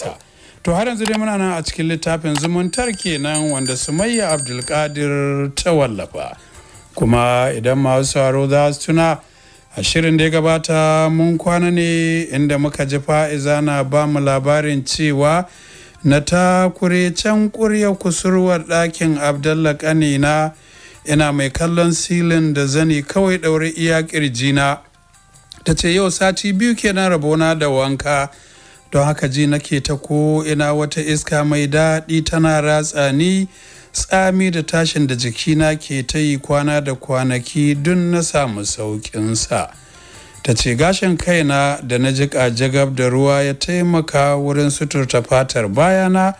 ta to har yanzu dai muna nan a cikin littafin zumuntar kenan wanda sumayya abdulkadir ta wallafa kuma idan masu sauraro za su tuna a shirin da ya gabata mun kwana ne inda muka ji fa'iza na ba mu labarin cewa na kure can kurya kusurwar ɗakin abdallah ƙanina ina mai kallon silin da zani kawai ɗaure iya ƙirjina ta ce yau sati biyu kenan rabona da wanka don haka ji nake ta ko ina wata iska mai daɗi tana ratsa ni tsami da tashin da jikina ke ta yi kwana da kwanaki dun na samu sauƙinsa ta ce gashin kaina da na jiƙa jagab da ruwa ya taimaka wurin suturta fatar bayana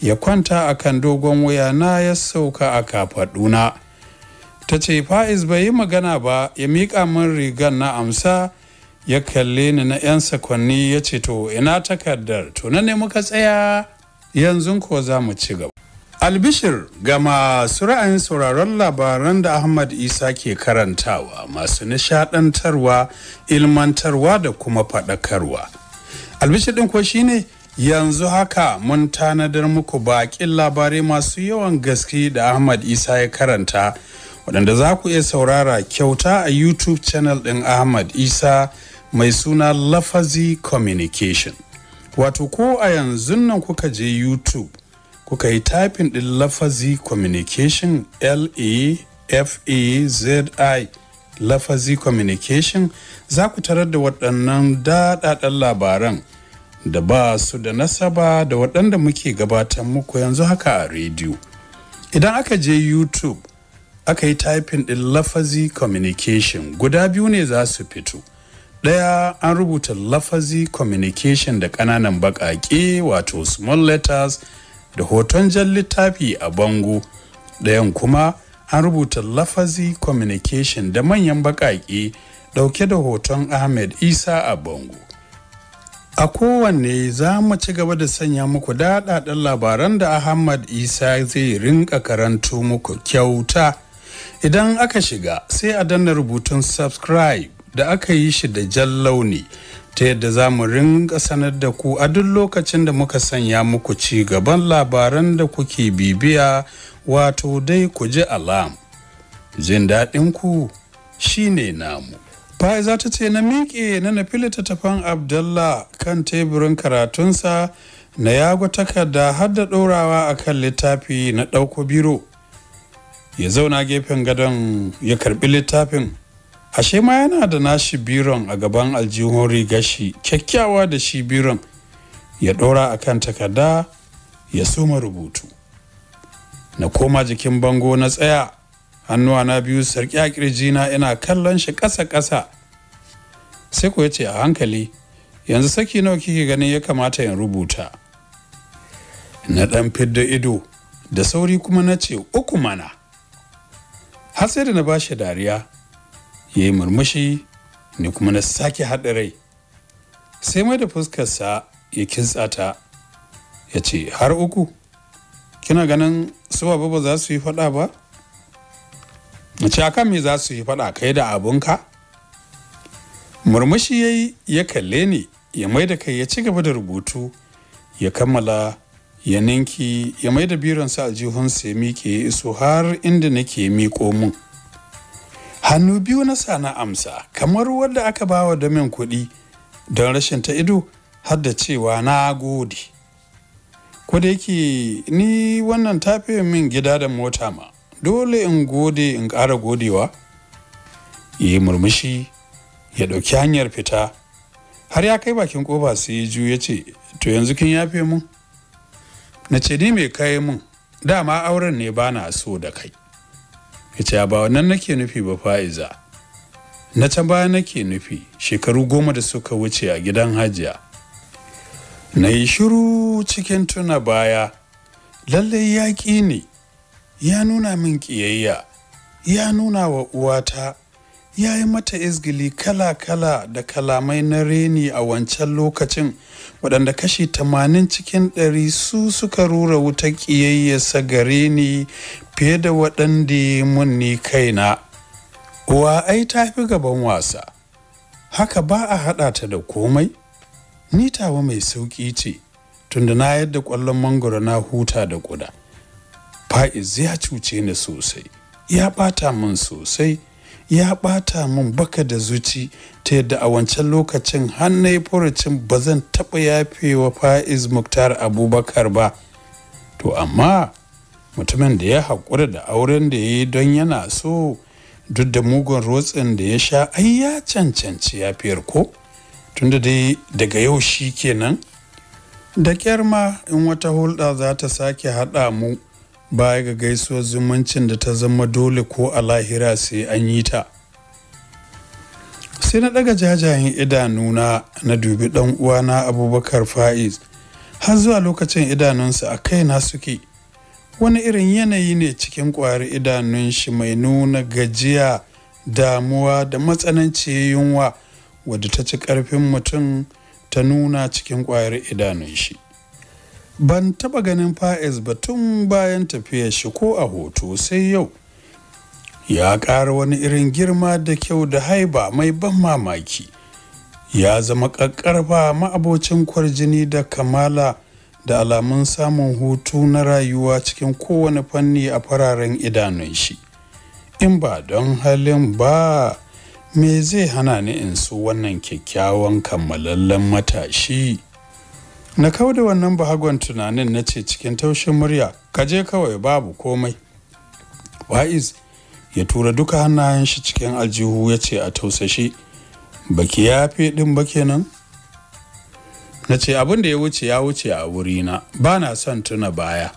ya kwanta a kan dogon wuyana ya sauka a kafaɗuna ta ce fa'iz bai yi magana ba ya miƙa min rigan na amsa ya kalle ni na 'yan sakonni ya ce to ina takardar to na ne muka tsaya yanzu ko za mu ci gaba albishir ga masu ra'ayin sauraron labaran da ahmad isa ke karantawa masu nishadantarwa ilmantarwa da kuma faɗakarwa albishir ɗin ko shine yanzu haka mun tanadar muku baƙin labarai masu yawan gaske da ahmad isa ya karanta waɗanda za ku iya saurara kyauta a youtube channel ɗin ahmad isa mai suna lafazi communication wato ko a yanzu nan kuka je youtube kuka yi typing din lafazi communication l-a-f-a-z-i lafazi communication za ku tarar da waɗannan daɗaɗɗen labaran da ba su da nasaba da waɗanda muke gabatar muku yanzu haka a rediyo idan aka je youtube aka yi typing din lafazi communication guda biyu ne za su fito daya an rubuta lafazi communication da kananan baƙaƙe wato small letters da hoton jan littafi a bango ɗayan kuma an rubuta lafazi communication da manyan baƙaƙe ɗauke da hoton ahmed isa a bango a kowanne za mu ci gaba da sanya muku daɗaɗɗen labaran da ahmad isa zai rinka karantu muku kyauta idan aka shiga sai a danna rubutun subscribe da aka yi shi da jan launi ta yadda za mu ringa sanar da ku a duk lokacin da muka sanya muku ci gaban labaran da kuke bibiya wato dai ku ji alam jin daɗin ku shine namu bai za ta ce na miƙe na nafi littattafan abdallah kan teburin karatunsa na yago takarda har da ɗorawa a kan littafi na ɗauko biro ya zauna gefen gadon ya karɓi littafin ashe ma yana da nashi biron a gaban aljihun rigar shi kyakkyawa da shi biron ya ɗora a kan takarda ya suma rubutu na koma jikin bango na tsaya hannuwa na biyu sarki a kirjina ina kallon shi ƙasa-ƙasa sai ku ce a hankali yanzu saki nawa kike ganin ya kamata in rubuta na ɗan fidda ido da sauri kuma na ce uku mana har sai da na bashi dariya ya yi murmushi ne kuma na sake haɗa rai sai mai da fuskarsa ya kintsa ta ya ce har uku kina ganin su ba ba za su yi faɗa ba na ce akan me za su yi faɗa kai da abunka murmushi ya yi ya kalle ne ya mai da kai ya ci gaba da rubutu ya kammala ya ninki ya mai da biransa aljihunsa ya miƙe ya iso har inda nake miƙo mun. hannu biyu na sa na amsa kamar wadda aka ba wa damin kuɗi don rashin ta ido har da cewa na gode ko da yake ni wannan tafe min gida da mota ma dole in gode in ƙara godewa yi murmushi ya ɗauki hanyar fita har ya kai bakin ƙofa sai ya juya ce to yanzu kin yafe mun na ce ni mai kai mun dama auren ne bana so da kai ita ba wannan nake nufi ba fa'iza na can baya nake nufi shekaru goma da suka wuce a gidan hajiya na yi shiru cikin tuna baya lallai ya ƙi ni ya nuna min ƙiyayya ya nuna wa uwata ya yi mata izgili kala-kala da kalamai na reni a wancan lokacin waɗanda kashi tamanin cikin ɗari su suka rura wuta ƙiyayyarsa gare ni fiye da waɗanda mun ni kaina uwa ai ta fi gaban wasa haka ba a haɗa ta da komai ni tawa mai sauƙi ce tunda na yadda ƙwallon mangoro na huta da ƙuda fa'iz ya cuce ni sosai ya ɓata min sosai ya ɓata min baka da zuci ta yadda a wancan lokacin hannai furucin ba zan taɓa yafewa fa'iz muktar abubakar ba to amma mutumin da ya haƙura da auren da ya yi don yana so duk da mugun rotsin da ya sha ai ya cancanci ya fiyar ko tunda dai daga yau shi kenan da kyar ma in wata hulɗa za ta sake haɗa mu baya ga gaisuwar zumuncin da ta zama dole ko a lahira sai an yi ta sai na ɗaga jajayen idanuna na dubi ɗan uwana abubakar fa'iz har zuwa lokacin idanunsa a kaina suke wani irin yanayi ne cikin ƙwayar idanun shi mai nuna gajiya damuwa da matsananci yunwa wadda ta ci ƙarfin mutum ta nuna cikin ƙwayar idanun shi ban taɓa ganin fa'iz ba tun bayan tafiyar shi ko a hoto sai yau ya ƙara wani irin girma da kyau da haiba mai ban mamaki ya zama ƙaƙƙarfa ma'abocin kwarjini da kamala da alamun samun hutu na rayuwa cikin kowane fanni a fararen idanun shi in ba don halin ba me zai hana ni in su wannan kyakkyawan kammalallen matashi na kawo da wannan bahagon tunanin na ce cikin taushin murya kaje kawai babu komai wa'iz ya tura duka hannayen shi cikin aljihu ya ce a tausashe baki ya fi ɗin ba kenan na ce abin da ya wuce ya wuce a wurina ba na son tuna baya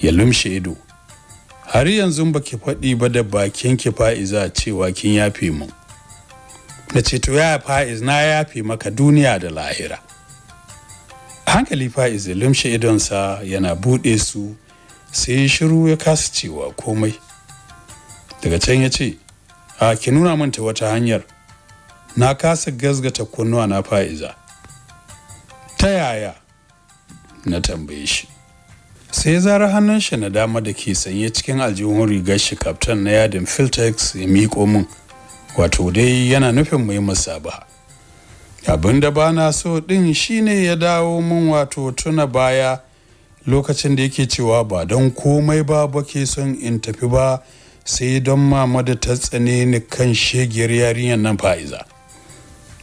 ya lumshe ido har yanzu ba ki faɗi ba da bakin ki fa'iza cewa kin yafe mu na ce to ya fa'iz na yafe maka duniya da lahira hankali fa'iz ya lumshe idonsa yana buɗe su sai ya shiru ya kasa cewa komai daga can ya ce a ki nuna manta wata hanyar na kasa gazgata kunnuwa na fa'iza ta yaya na tambaye shi sai zara hannun shi na dama da ke sanye cikin aljihun rigar shi kaftan na yadin filtex ya miko min wato dai yana nufin mai ba abin da ba na so ɗin shine ya dawo min wato tuna baya lokacin da yake cewa ba don komai ba ba ke son in tafi ba sai don mama da ta tsane ni kan shegiyar yarinyar nan fa'iza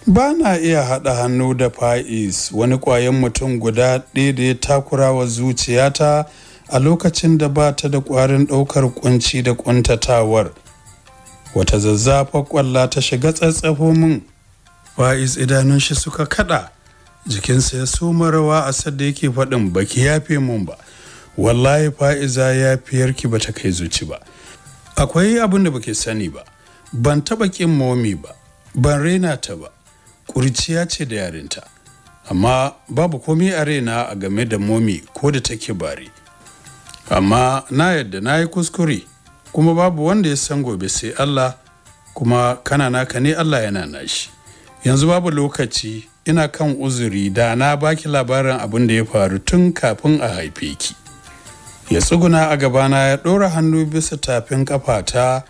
ba na iya haɗa hannu da fa'is wani ƙwayan mutum guda ɗaya da ya takura wa zuciyata a lokacin da ba ta da ƙwarin ɗaukar kunci da ƙuntatawar wata zazzafar ƙwalla ta shiga tsatsafo min fa'is idanun shi suka kaɗa jikinsa ya soma rawa a sadda yake faɗin baki yafe mun ba wallahi fa'iza ya yafiyarki ba ta kai zuci ba akwai abin da baki sani ba ban taɓa ƙin momi ba ban rena ta ba ƙuriciya ce da yarinta amma babu komi a raina a game da momi ko da take bare amma na yadda na yi kuskure kuma babu wanda ya san gobe sai Allah kuma kana naka ne Allah yana nashi yanzu babu lokaci ina kan uzuri da na baki labarin abin da ya faru tun kafin a haife ki ya tsuguna a gabana ya ɗora hannu bisa tafin kafata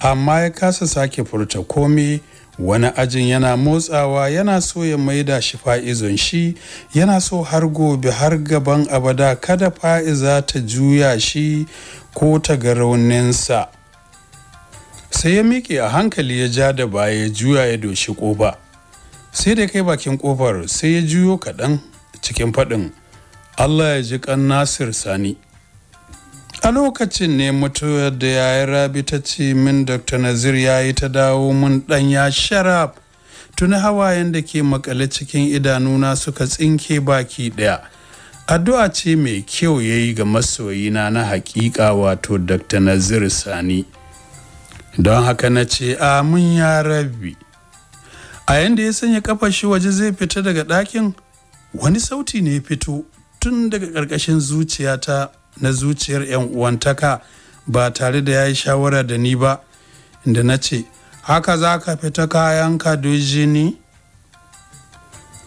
amma ya kasa sake furta komai wani ajin yana motsawa yana so ya maida shi fa'izon shi yana so har gobe har gaban abada kada fa'iza ta juya shi ko ta ga rauninsa sai ya miƙe a hankali ya ja da baya ya juya ya doshi ƙofa sai da kai bakin ƙofar sai ya juyo kaɗan cikin faɗin allah ya ji ƙan nasir sani a lokacin ne mutuwar da yayin rabi ta ce min dr nazir ya yi ta dawo mun 'ya sharaf tuni hawayen da ke makale cikin idanuna suka tsinke baki ɗaya addu'a ce mai kyau ya yi ga masoyina na hakika wato dr nazir sani don haka na ce amin ya rabi a yanda ya sanya kafar shi waje zai fita daga ɗakin wani sauti ne ya fito tun daga ƙarƙashin zuciyata na zuciyar 'yan uwantaka ba tare da ya yi shawara da ni ba da na ce haka za ka fita kayan ka don jini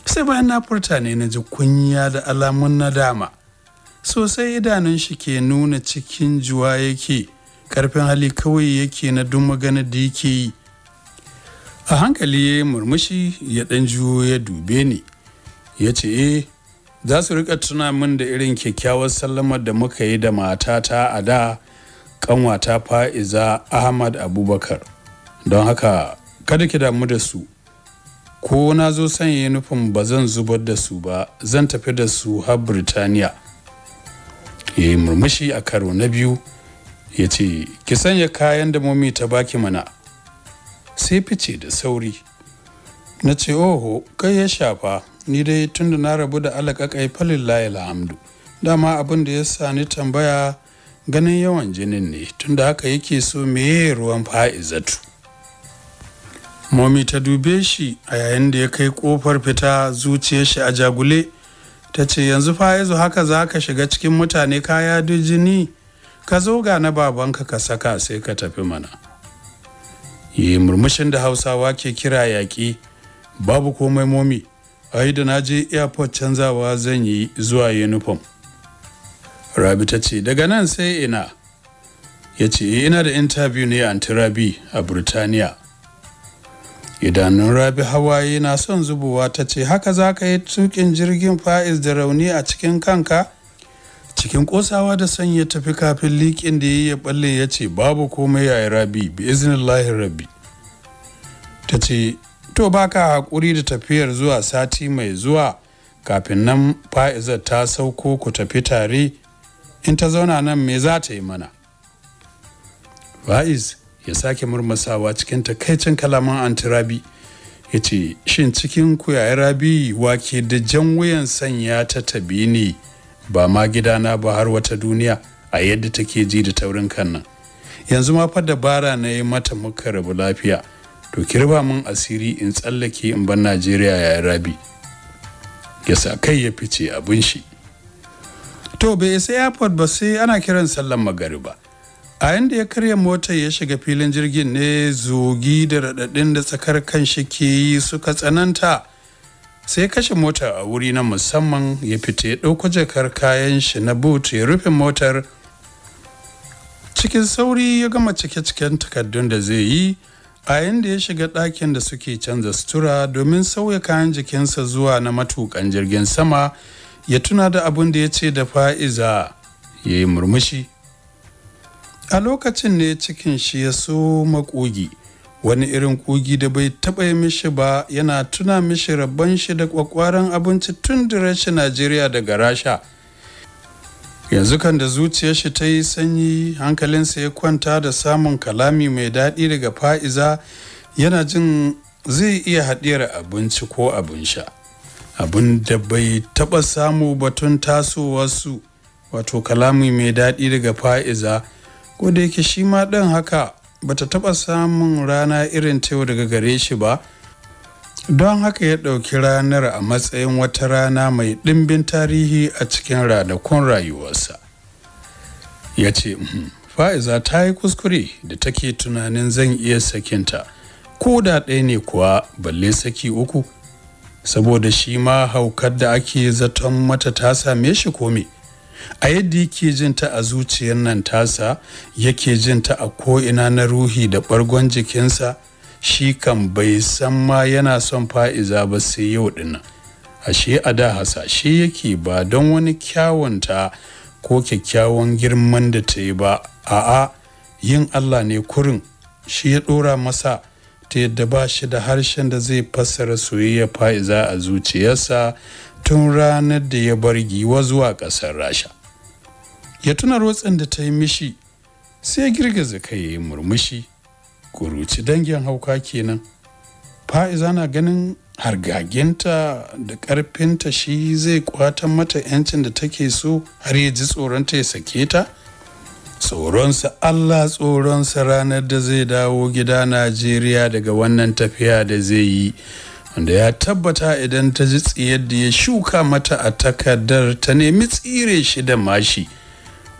sai bayan na furta ne na ji kunya da alamun nadama sosai idanun shi ke nuna cikin juwa yake karfin hali kawai yake na duk magana da yake yi a hankali ya murmushi ya ɗan juyo ya dube ni ya ce eh za su rika tuna min da irin kyakkyawar sallamar da muka yi da matata a da kanwata fa'iza ahmad abubakar don haka kada ki damu da su ko na zo sanya nufin ba zan zubar da su ba zan tafi da su har birtaniya ya yi murmushi a karo na biyu ya ce ki sanya kayan da momi ta baki mana sai fice da sauri na ce oho kai ya shafa ni dai tun da na rabu da alaƙaƙai falin layi alhamdu dama abin da ya sa ni tambaya ganin yawan jinin ne tun da haka yake so meye ruwan fa'izatu momi ta dube shi a yayin da ya kai kofar fita zuciyar shi a jagule ta ce yanzu fa'izu haka za ka shiga cikin mutane kaya duk jini ka zo ga na babanka ka saka sai ka tafi mana yi murmushin da hausawa ke kira yaƙi babu komai momi ai da na je airport canzawa zan yi zuwa uniform rabi ta ce daga nan sai ina ya ce eh, ina da interview ne a rabi a burtaniya idanun rabi hawaye na son zubowa ta ce haka za ka yi tukin jirgin fa'iz da rauni a cikin kanka cikin kosawa da son ya tafi kafin likin da ya balle ya ce babu komai a rabi bi iznillahi rabi ta ce to baka hakuri da tafiyar zuwa sati mai zuwa kafin nan fa'iza ta sauko ku tafi tare in ta zauna nan me za ta yi mana fa'iz ya sake murmasawa cikin takaicin kalaman antirabi ya ce shin cikin ku yayi rabi wake da jan wuyan sanya ta tabi ne ba ma gidana ba har wata duniya a yadda take ji da taurin kan nan yanzu ma fa dabara na yi mata muka rabu lafiya to kirba min asiri in tsallake in ban najeriya ya rabi ya sa kai ya fice abin shi to bai sai airport ba sai ana kiran sallan magariba a yanda ya karya motar ya shiga filin jirgin ne zogi da raɗaɗin da tsakar kan shi ke yi suka tsananta sai kashe mota a wuri na musamman ya fita ya ɗauko jakar kayan shi na boot ya rufe motar cikin sauri ya gama cike-ciken takardun da zai yi a yadda ya shiga ɗakin da suke canza sutura domin sauya kayan jikinsa zuwa na matukan jirgin sama ya tuna da abin da ya ce da fa'iza ya yi murmushi a lokacin ne cikin shi ya so makogi wani irin kogi da bai taɓa yi mishi ba yana tuna mishi rabban shi da kwakwaran abinci tun da rashin najeriya daga rasha yanzu kan da zuciyar shi ta yi sanyi hankalinsa ya kwanta da samun kalami mai daɗi daga fa'iza yana jin zai iya haɗiyar abinci ko abin sha abin da bai taɓa samu batun tasowarsu wato kalami mai daɗi daga fa'iza ko da yake shi ma ɗin haka bata taɓa samun rana irin ta yau daga gare shi ba don haka ya ɗauki ranar a matsayin wata rana mai ɗimbin tarihi a cikin ranakun rayuwarsa ya ce uhm, fa'iza ta yi kuskure da take tunanin zan iya sakinta ko da ɗaya ne kuwa balle saki uku saboda shi ma haukar da ake zaton mata ta same shi kome a yadda yake jin ta a zuciyar nan tasa yake jin ta a ko'ina na ruhi da ɓargon jikinsa shi kan bai san ma yana son fa'iza ba sai yau dina ashe a da hasashe yake ba don wani kyawunta ko kyakkyawan girman da ta yi ba a'a yin allah ne kurin shi ya dora masa ta yadda ba shi da harshen da zai fassara soyayya fa'iza a zuciyarsa tun ranar da ya bar giwa zuwa ƙasar rasha ya tuna rotsin da ta yi mishi sai girgiza kai ya yi murmushi kuruci dangin hauka kenan fa'iza na ganin hargaginta da ƙarfinta shi zai kwatan mata 'yancin da take so har ya ji tsoronta ya sake ta tsoronsa allah tsoronsa ranar da zai dawo gida najeriya daga wannan tafiya da zai yi wanda ya tabbata idan ta ji tsiyar da ya shuka mata a takardar ta nemi tsire shi da mashi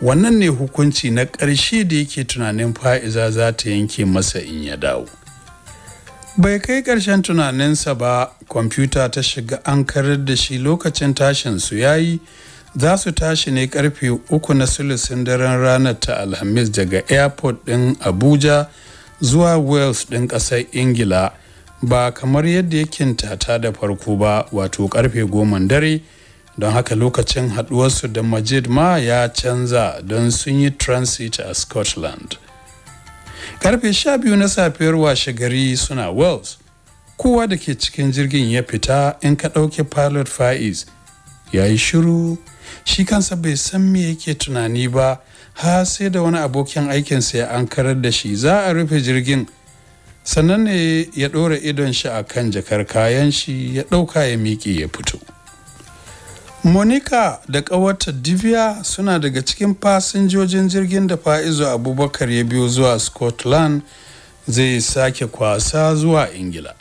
wannan ne hukunci na ƙarshe da yake tunanin fa'iza za ta yanke masa in ya dawo bai kai ƙarshen tunaninsa ba kwamfuta ta shiga an karar da shi lokacin tashin su yayi za su tashi ne karfe uku na sulusin daren ranar ta alhamis daga airport ɗin abuja zuwa wales ɗin ƙasar ingila ba kamar yadda ya ta da farko ba wato karfe goma dare don haka lokacin haduwarsu da majid ma ya canza don sun yi transit a scotland karfe sha biyu na safiyar washe gari suna wales kowa da ke cikin jirgin ya fita in ka ɗauke pilot faiz ya yi shiru shi kansa bai san me yake tunani ba har sai da wani abokin aikinsa ya ankarar da shi za a rufe jirgin sannan ne ya ɗora idon shi a kan jakar kayan shi ya ɗauka ya miƙe ya fito monica da ƙawarta divya suna daga cikin fasinjojin jirgin da fa'izu abubakar ya biyo zuwa scotland zai sake kwasa zuwa ingila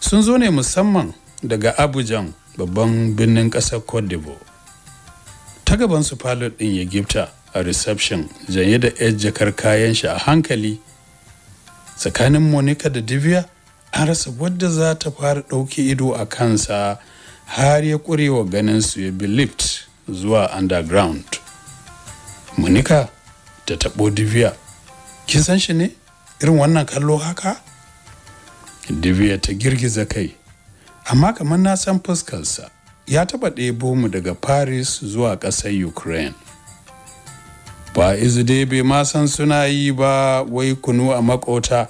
sun zo ne musamman daga abujan babban birnin ƙasar cote d'ivoire ta gaban su pilot ɗin ya gifta a reception janye da yar jakar kayan shi a hankali tsakanin monica da divya an rasa wadda za ta fara ɗauki ido a kansa har ya ƙurewa ganin su ya bi lift zuwa underground munika ta taɓo diviya kin san shi ne irin wannan kallo haka diviya ta girgiza kai amma kamar na san fuskarsa ya taɓa ɗebo mu daga paris zuwa ƙasar ukraine ba izu dai bai ma san suna yi ba wai kunu a makota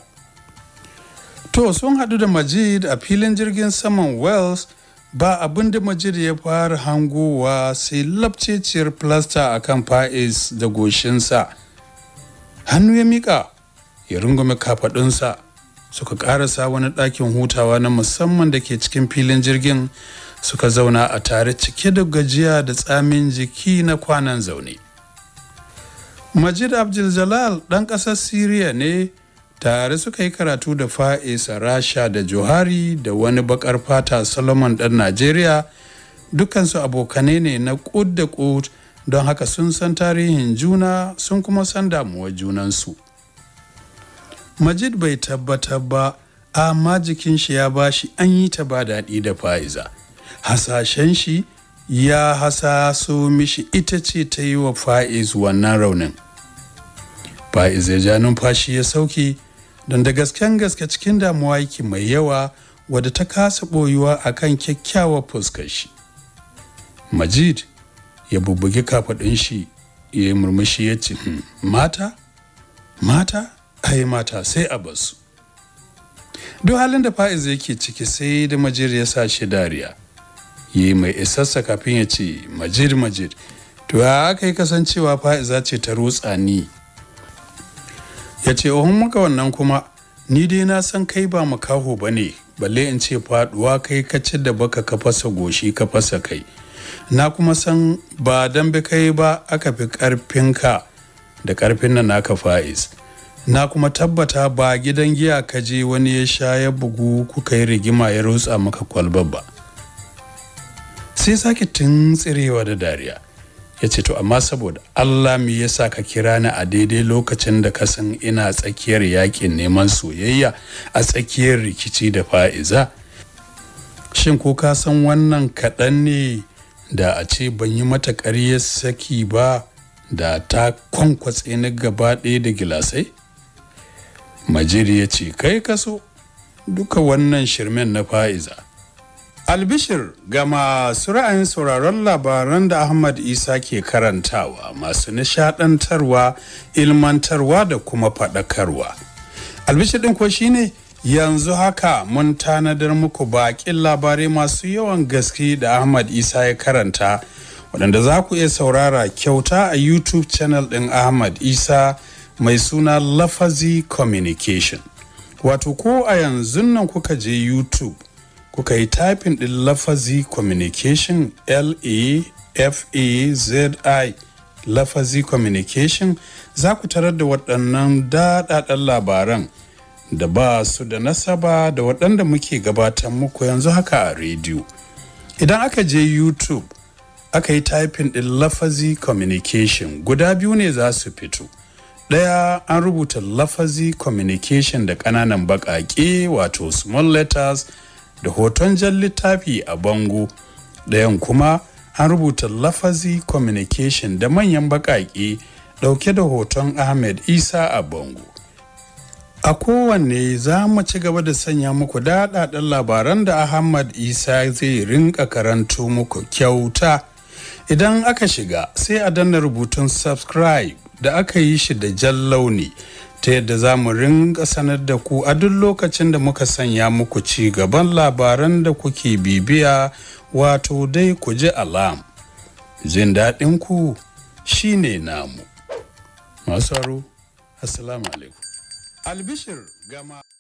to sun haɗu da majid a filin jirgin saman wells ba abin da majid ya fara hangowa sai labceciyar plaster a kan fa'is da goshinsa hannu ya mika ya rungume kafaɗunsa suka karasa wani ɗakin hutawa na musamman da ke cikin filin jirgin suka zauna a tare cike da gajiya da tsamin jiki na kwanan zaune majid abdul-jalal ɗan ƙasar siriya ne tare suka yi karatu da fa'isa rasha da johari da wani bakar fata solomon dan najeriya dukansu abokanai ne na kud da kud don haka sun san tarihin juna sun kuma san damuwar junansu majid bai tabbatar ba amma jikin shi ya bashi an yi ta ba daɗi da fa'iza hasashen shi ya hasaso mishi ita ce ta yi wa fa'iz wannan raunin fa'iz ya ja numfashi ya sauki don da gasken gaske cikin damuwa yake mai yawa wadda ta kasa boyuwa a kan kyakkyawar fuskar shi majid ya bubbugi kafaɗin shi ya yi murmushi ya ce hmm, mata mata ai mata sai a basu duk halin da fa'iz yake ciki sai da Majir ya sa shi dariya yi mai isassa kafin ya ce majid majid to ya aka yi kasancewa fa'iza ce ta rutsa ni ya ce ohun maka wannan kuma ni dai na san kai ba makaho ba ne balle in ce faduwa kai ka da baka ka fasa goshi ka fasa kai na kuma san ba dambe kai ba aka fi karfinka da karfin nan naka fais na kuma tabbata ba gidan giya ka je wani ya sha ya bugu kuka yi rigima ya rutsa maka kwalbar ba sai sake tun tsirewa da dariya ya ce to amma saboda Allah me yasa ka kira ni a daidai lokacin da ka san ina tsakiyar yakin neman soyayya a tsakiyar rikici da fa'iza shin ko ka san wannan kaɗan ne da a ce ban yi mata ƙaryar saki ba da ta kwankwatse ni gaba ɗaya da gilasai majiri ya ce kai ka so duka wannan shirmen na fa'iza Albishir ga masu ra'ayin sauraron labaran da Ahmad Isa ke karantawa masu nishadantarwa, ilmantarwa da kuma faɗakarwa. Albishir ɗin ko shi ne yanzu haka mun tanadar muku baƙin labarai masu yawan gaske da Ahmad Isa ya karanta waɗanda za ku iya saurara kyauta a YouTube channel ɗin Ahmad Isa mai suna Lafazi Communication. Wato ko a yanzun nan kuka je YouTube. kuka yi typing ɗin lafazi communication l-e-f-e-z-i lafazi communication za ku tarar da waɗannan daɗaɗɗen labaran da ba su da nasaba da waɗanda muke gabatar muku yanzu haka a rediyo idan aka je youtube aka yi typing ɗin lafazi communication guda biyu ne za su fito ɗaya an rubuta lafazi communication da ƙananan baƙaƙe wato small letters da hoton jan littafi a bango ɗayan kuma an rubuta lafazi communication da manyan baƙaƙe ɗauke da hoton ahmed isa a bango a kowanne za mu ci gaba da sanya muku daɗaɗɗen labaran da ahmad isa zai rinka karanto muku kyauta idan aka shiga sai a danna rubutun subscribe da aka yi shi da jan launi ta yadda za mu ringa sanar da ku a duk lokacin da muka sanya muku ci gaban labaran da kuke bibiya wato dai ku ji alam jin daɗin ku shine namu masu assalamu alaikum albishir gama